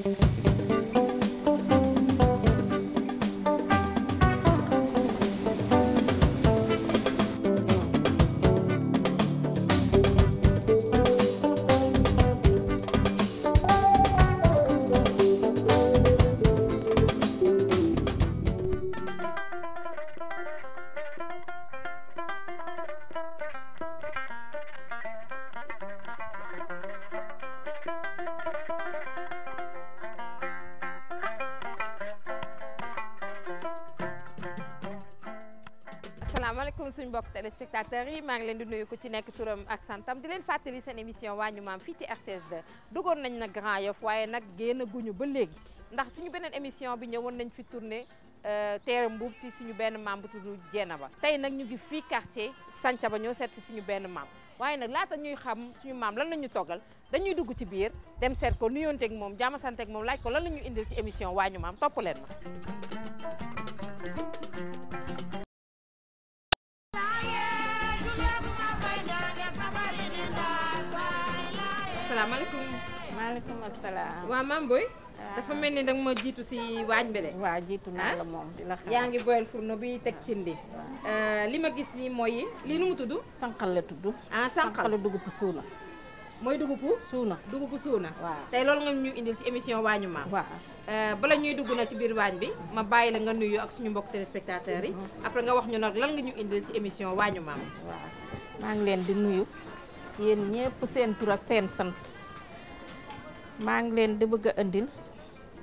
Thank you. salaamaaleykum suñu mbokk téléspectateurs yi maa ngi leen di nuyu ku ci nekk turam ak santam di leen fàttali seen émission waañu maam fii ci RTS 2 duggoon nañ nag Grand Yoff waaye nag génn ñu ba léegi ndax suñu beneen émission bi ñëwoon nañ fi tourné euh, teere mbuub ci suñu benn maam bu tudd ba tey nag ñu ngi fii quartier Santhiaba ñoo seet si suñu benn maam waaye nag laata ñuy xam suñu maam lan la ñu toggal dañuy dugg ci biir dem seet ko nuyonteeg moom jaamasante ak moom laaj ko lan la ñu indil ci émission waañu maam topp leen salaam waaw maam boy dafa mel si waañ bi de waaw jiitu naa ah? la moom di la xaar yaa ngi boyal furno bi teg cindi euh, li ma gis nii mooy lii nu mu tudd la tudd ah sànqal la dugub suuna mooy dugubu suuna dugubu suuna waaw tey nga ñu indil ci émission waañu maam waaw euh, bala ñuy dugg na ci bir waañ bi ma bàyyi la nga nuyu ak suñu mbokk téléspectateurs yi mm-hmm. après nga wax ñu lan nga ñu indil ci émission waañu maam waaw maa ngi leen di nuyu yéen ñëpp seen tur ak seen sant maa ngi leen di bëgg a indil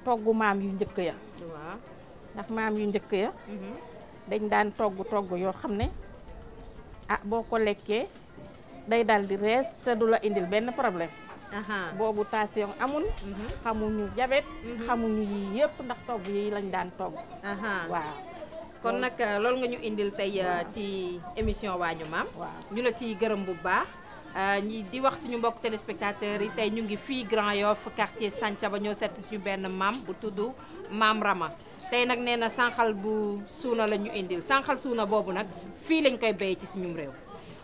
togg maam yu njëkk ya ndax maam yu njëkk ya mhm. dañ daan togg togg yoo xam ne ah boo ko lekkee day dal di rees te du la indil benn problème boobu tension amul mhm. xamuñu jabet mhm. xamuñu yi yëpp ndax togg yi lañ daan togg waaw kon nag loolu nga ñu indil tey euh, ci émission waañu maam ñu la ciy gërëm bu baax Euh, ñi di wax suñu mbokk téléspectateurs yi tey ñu ngi fii Grand Yoff quartier ba ñoo seet si suñu benn maam bu tudd maam Rama tey nag nee na sànqal bu suuna la ñu indil sànqal suuna boobu nag fii lañ koy béyee ci suñu réew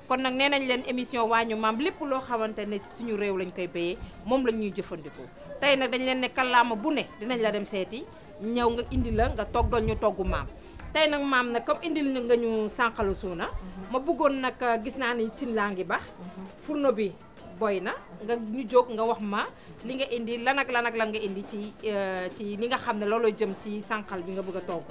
kon nag nee nañ leen émission waañu maam lépp loo xamante ne ci suñu réew lañu koy béyee moom lañ ñuy jëfandikoo tey nag dañ leen ne laama bu ne dinañ la dem seeti ñaw nga indi la nga toggal ñu togg maam tey nag maam nag comme indil nga ñu sànqalu suuna ma bëggoon nag euh, gis naa ni cin laa ngi bax furno bi boy na nga ñu jóg nga wax ma li nga indi lan ak lan ak lan nga indi ci euh, ci li nga xam ne looloo jëm ci sànqal bi nga bëgg a togg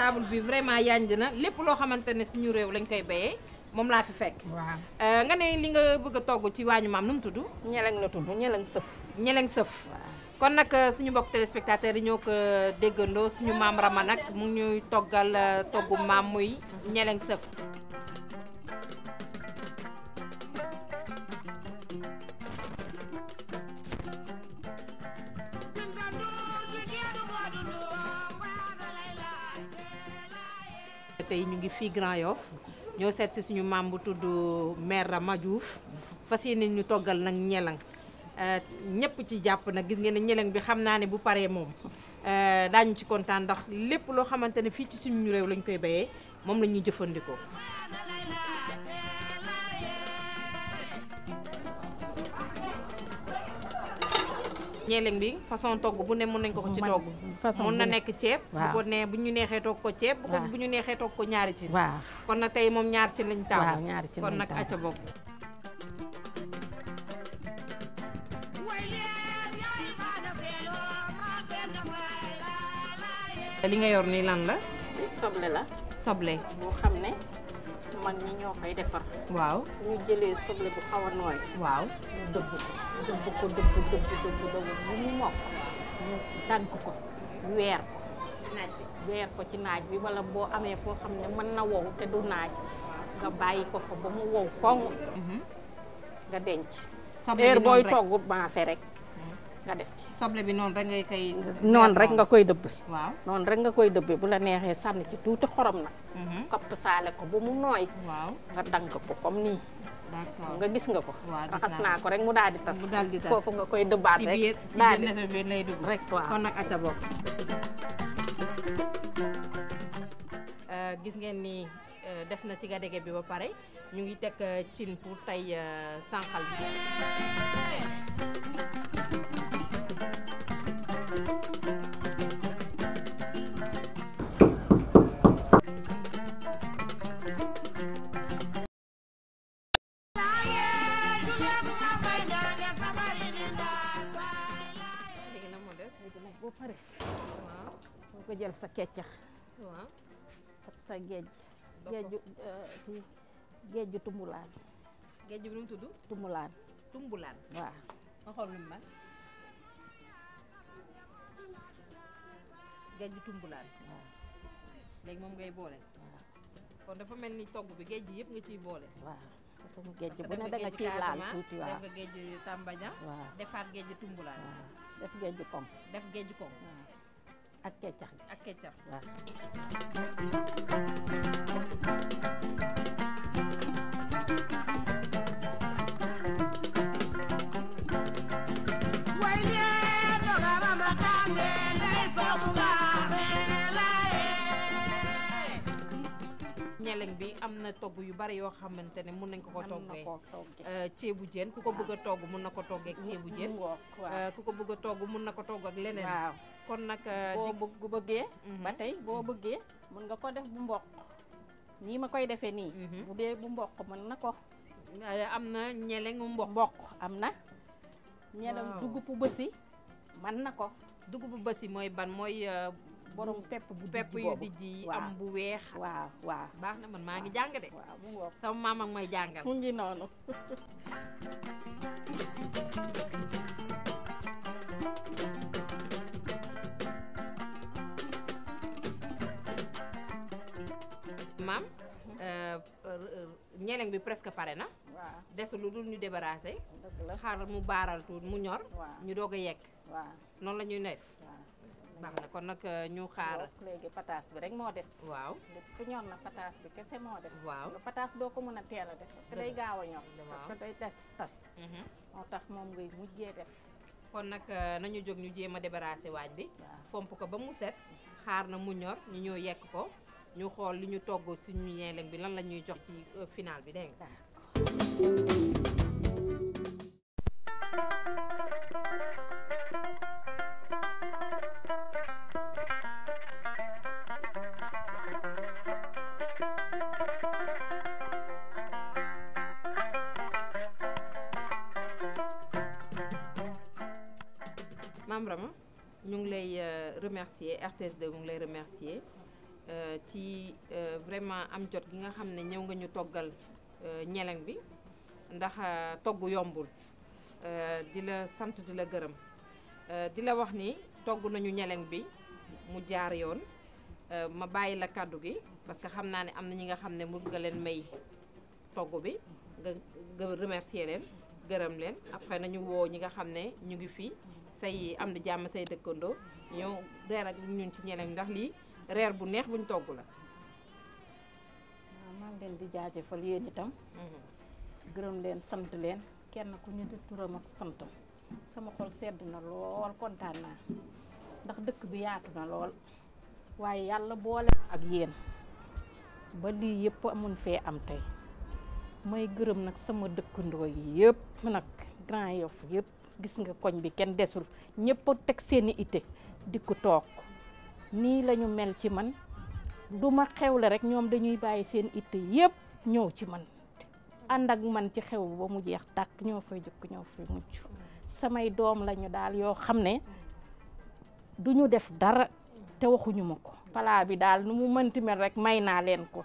table bi vraiment yanj na lépp loo xamante ne suñu réew lañ koy béyee moom laa fi fekk. waaw euh, nga ne li nga bëgg togg ci waañu maam nu mu tudd. ñeleng la tudd ñeleng sëf. ñeleng sëf. kon nag euh, suñu mbokk téléspectateurs yi ñoo ko euh, déggandoo suñu maam Rama nag mu ngi ñuy toggal toggu maam muy ñeleng sëf. tey ñu ngi fii Grand Yoff ñoo seet si suñu maam bu tudd mère Rama Diouf fas yéene ñu toggal nag ñelang euh, ñëpp ci jàpp nag gis ngeen ne ñelang bi xam naa ne bu paree moom euh, daañu ci kontaan ndax lépp loo xamante ne fii ci suñu réew lañ koy béyee moom la ñuy jëfandikoo. ñeleng bi façon togg bu ne mën nañ ko ko ci togg mën na nek ciép bu ko ne bu ñu nexé togg ko ciép bu ko bu ñu nexé togg ko ñaari ci kon nag tay mom ñaar ci lañ taw kon nak acca bok li nga yor ni lan la soble la soble bo xam mag ñi ñoo koy defar. waaw ñu jëlee soble bu xaw a nooy. waaw ñu dëbb ko dëbb ko dëbb dëbb dëbb dëbb bu mu mokk ñu tànk ko weer ko. naaj bi weer ko ci naaj bi wala boo amee foo xam ne mën na wow te du naaj nga bàyyi ko fa ba mu wow koŋ. Mhm. nga denc. soble bi booy togg maafe rek. nga def ci. soble bi noonu rek ngay koy. noonu rek nga koy dëbbe. waaw noonu rek nga koy dëbbe bu la neexee sànni ci tuuti xorom nag. Mhm. kopp saale ko ba mu nooy. waaw nga dank ko comme nii. nga gis nga ko. raxas naa ko rek mu daal di tas. mu daal di foofu nga koy dëbbaat rek. daal di ci biir lay dugg rek waaw kon nag aca bokk. Euh, gis ngeen ni euh, def na ci gadege bi ba pare ñu ngi teg euh, cin pour tey sànqal bi. nga jël sa keccax. waaw ak sa géej. géeju euh géeju tumbulaan. tumbulan bi bu mu tuddu tumbulan tumbulan waaw. ma xol lu mu mel. tumbulan bi tumbulaan. waaw léegi moom ngay bolé waaw kon dafa melni togg bi géej yépp nga ciy bolé waaw parce gaji, bu gaji, da nga gaji, laal tuuti gaji, def nga gaji, Tambaña. waaw gaji, géej tumbulaan. def géej koom. def géej koom keccax gi ak keccax waaw ñeleng bi am na togg yu bari yoo xamante ne mun nañ ko ko toggee eh, ceebu jën ku ko bëgg togg mun na ko toggee ak ceebu jën eh, ku ko bëgg togg mun na ko togg ak leneen kon nag euh, boo bu bëggee mhm. ba tey boo bëggee mën nga ko def bu mboq nii ma koy defee nii mhm. bu dee bu mboq mën na ko euh, am na ñelengu mboq mboq am na ñelem dugub bu bësi mën na ko dugub bu bësi mooy ban mooy euh, borom pepp bu pepp yu dijj yi am bu weex waaw waaw baax na man maa ngi jàng de mu ngoog sama maam ak may jàngal mu ngi noonu maam eh, ñeneen bi presque paré na. waaw des lu dul ñu débarrasser xaar mu baral tuut mu ñor. ñu doga a yekk. waaw noonu la ñuy nekk. baax na kon nak eh, ñu xaar. légui patasse bi rek mo dess waaw ku ñor na patasse bi kese mo dess waaw pataas doo ko mëna téla def. parce que day gaaw ñor. waaw parce que day tas tas. Mhm. moo tax mom ngay mujjé def. kon nak eh, nañu jog ñu jéma débarrasser waaj bi. fomp ko ba mu set. xaar na mu ñor ñu ñëw yekk ko. Nous nous li euh, final euh, remercier rts remercier Euh, ci euh, vraiment am jot gi nga xam ne ñëw nga ñu toggal euh, ñeleng bi ndax togg yombul di la sant di la gërëm di la wax ni togg nañu ñeleng bi mu jaar yoon ma bàyyi la kàddu gi parce que xam naa ni am na ñi nga xam ne mun nga leen may togg bi nga nga remercier leen gërëm leen après nañu woo ñi nga xam ne ñu ngi fii say am di jàmm say dëkkandoo ñëw reer ak ñun ci ñeleng ndax lii reer bu neex buñ togg la. maa ngi leen di jaajëfal yéen itam. Mm-hmm. gërëm leen sant leen kenn ku ñu di turam ak santam sama xol sedd na lool kontaan naa ndax dëkk bi yaatu na lool waaye yàlla boole ak yéen ba lii yëpp amun fee am tey may gërëm nag sama dëkkandoo yi yëpp nag Grand Yoff yëpp gis nga koñ bi kenn desul ñëpp teg seeni ite di ko toog nii la ñu mel ci man du ma xewle rek ñoom dañuy bàyyi seen itte yépp ñëw ci man ànd ak man ci xew ba mu jeex tàkk ñëw fay jëkk ñëw fay mucc samay doom lañu daal yoo xam ne du ñu def dara te waxuñu ma ko palaa bi daal nu mu mënti mel rek may naa leen ko